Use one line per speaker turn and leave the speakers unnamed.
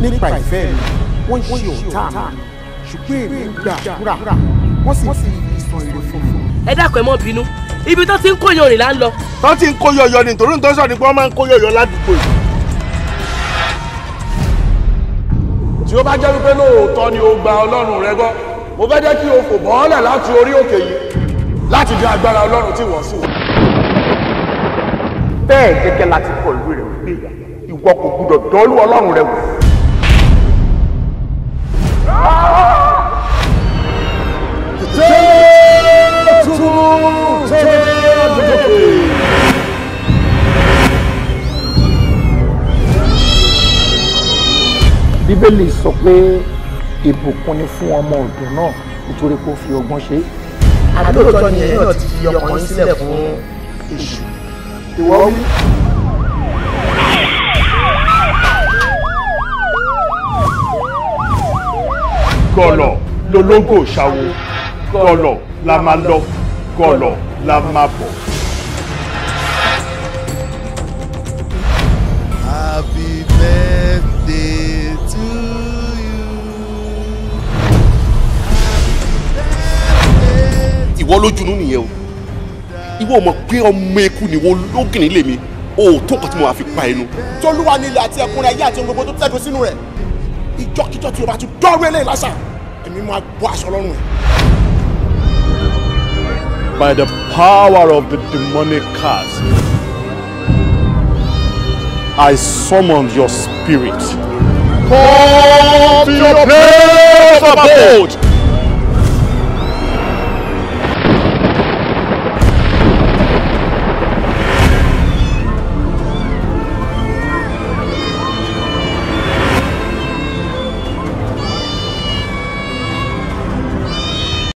nípa ìfẹ́ mi wọ́n ń ṣe ọ̀tá mi ṣùgbọ́n èmi ń gbàdúrà wọ́n sì fi ìsàn èrò fún mi.
ẹ dákun ẹ mọ bínú ibi tó ti ń kó yọrin là ń lọ. tó ti ń kó yọyọ ni nítorí nítorí sọ̀rọ̀ ni pé wọ́n máa ń kó yọyọ ládùúgbò yìí. tí ó bá jẹ́ wípé lóòótọ́ ni o gba ọlọ́run rẹ gbọ́ mo fẹ́ jẹ́ kí o fò bọ́ọ̀lẹ̀ láti orí òkè yìí láti di agbára ọlọ́run tí wọ́n sì wọ́n.
bẹ́ẹ̀ gẹ́gẹ́ láti kọ ìwé rẹ̀ wípé ìwọ kò gbúdọ̀ dọ́lú ọlọ́run
rẹ wò. bíbélì sọ pé ìbùkún ni fún ọmọ ọ̀dọ̀ náà nítorí pé ó fi ọgbọ́n ṣe. àdóòtọ́ ni ẹ̀yìn náà ti fi ọkùnrin sílẹ̀ fún èṣù. ìwọ wí. gọlọ lolóńgò ṣáwo gọlọ la máa lọ gọlọ la máa bọ̀.
ìwọ lójúnú nìyẹn o ìwọ mọ̀ pé ọmọ eku nìwọ lógìnrín lèmi o tó nǹkan tí mo máa fi pa ẹnu. tolúwa nílẹ̀ àti ẹkùnrin ayé àti gbogbo tó tẹ̀dó sínú rẹ̀ ìjọkíjọ tí o bá tún dọ́rú eléyìí lásà èmi máa bọ́ aṣọ lọ́rùn ẹ̀.
By the power of the demonic curse, I summoned your spirit. Come to your place of abode.